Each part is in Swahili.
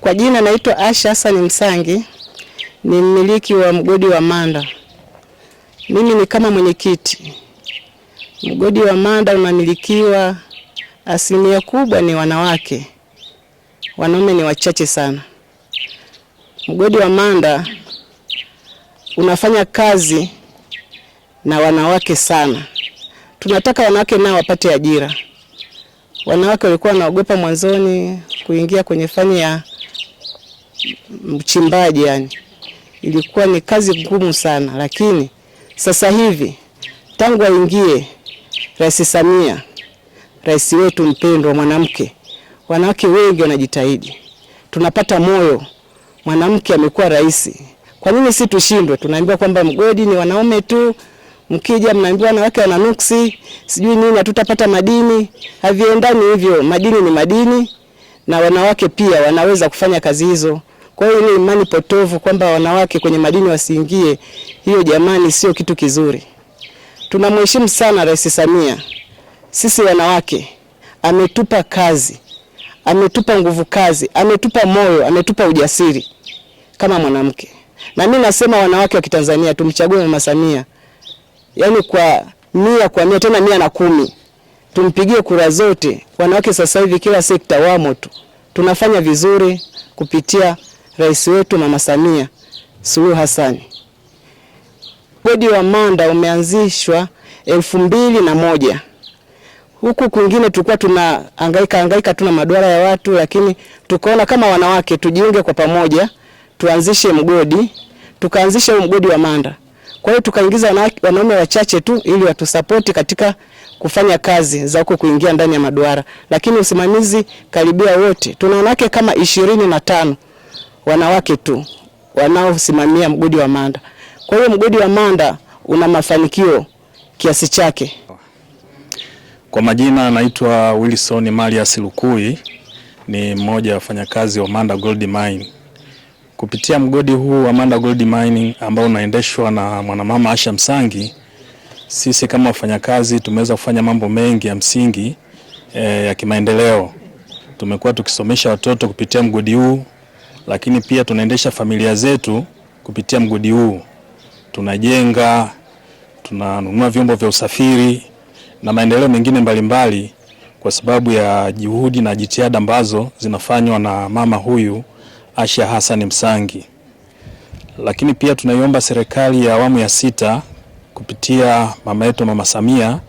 Kwa jina naitwa Asha Hassan Msangi, ni mmiliki wa mgodi wa Manda. Mimi ni kama mwenyekiti. Mgodi wa Manda unamilikiwa asilimia kubwa ni wanawake, wanaume ni wachache sana. Mgodi wa Manda unafanya kazi na wanawake sana. Tunataka wanawake nao wapate ajira. Wanawake walikuwa wanaogopa mwanzoni kuingia kwenye fani ya mchimbaji yani, ilikuwa ni kazi ngumu sana, lakini sasa hivi tangu aingie Rais Samia, rais wetu mpendwa, mwanamke, wanawake wengi wanajitahidi, tunapata moyo, mwanamke amekuwa rais. Kwa nini si tushindwe? Tunaambiwa kwamba mgodi ni wanaume tu, mkija mnaambiwa wanawake wana nuksi, sijui nini, hatutapata madini. Haviendani hivyo, madini ni madini na wanawake pia wanaweza kufanya kazi hizo. Kwa hiyo ile imani potovu kwamba wanawake kwenye madini wasiingie, hiyo jamani, sio kitu kizuri. Tunamheshimu sana Rais Samia, sisi wanawake ametupa kazi, ametupa nguvu kazi, ametupa moyo, ametupa ujasiri kama mwanamke. Na mimi nasema wanawake wa Kitanzania tumchague mama Samia, yaani kwa mia kwa mia, tena mia na kumi, tumpigie kura zote. Wanawake sasa hivi kila sekta wamo tu, tunafanya vizuri kupitia rais wetu Mama Samia Suluhu Hassan. Podi wa Manda umeanzishwa elfu mbili na moja. Huku kwingine tulikuwa tunahangaika hangaika tuna madwara ya watu, lakini tukaona kama wanawake tujiunge kwa pamoja tuanzishe mgodi, tukaanzisha huu mgodi wa Manda. Kwa hiyo tukaingiza wanaume wachache tu ili watusapoti katika kufanya kazi za huko kuingia ndani ya maduara, lakini usimamizi karibia wote tuna wanawake kama ishirini na tano wanawake tu wanaosimamia mgodi wa Manda. Kwa hiyo mgodi wa Manda una mafanikio kiasi chake. Kwa majina anaitwa Wilson Marias Lukui, ni mmoja wa wafanyakazi wa Manda Gold Mine. Kupitia mgodi huu wa Manda Gold Mining ambao unaendeshwa na mwanamama Asha Msangi, sisi kama wafanyakazi tumeweza kufanya mambo mengi ya msingi e, ya kimaendeleo. Tumekuwa tukisomesha watoto kupitia mgodi huu lakini pia tunaendesha familia zetu kupitia mgodi huu. Tunajenga, tunanunua vyombo vya usafiri na maendeleo mengine mbalimbali mbali, kwa sababu ya juhudi na jitihada ambazo zinafanywa na mama huyu Asha Hassan Msangi. Lakini pia tunaiomba serikali ya awamu ya sita kupitia mama yetu Mama Samia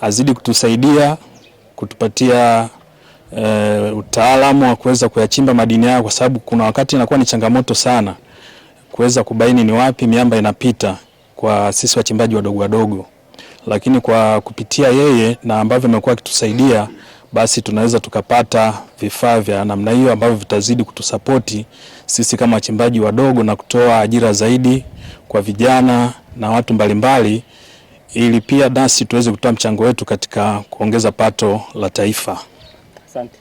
azidi kutusaidia kutupatia e, utaalamu wa kuweza kuyachimba madini hayo, kwa sababu kuna wakati inakuwa ni changamoto sana kuweza kubaini ni wapi miamba inapita kwa sisi wachimbaji wadogo wadogo, lakini kwa kupitia yeye na ambavyo amekuwa akitusaidia basi tunaweza tukapata vifaa vya namna hiyo ambavyo vitazidi kutusapoti sisi kama wachimbaji wadogo na kutoa ajira zaidi kwa vijana na watu mbalimbali, ili pia nasi tuweze kutoa mchango wetu katika kuongeza pato la taifa. Asante.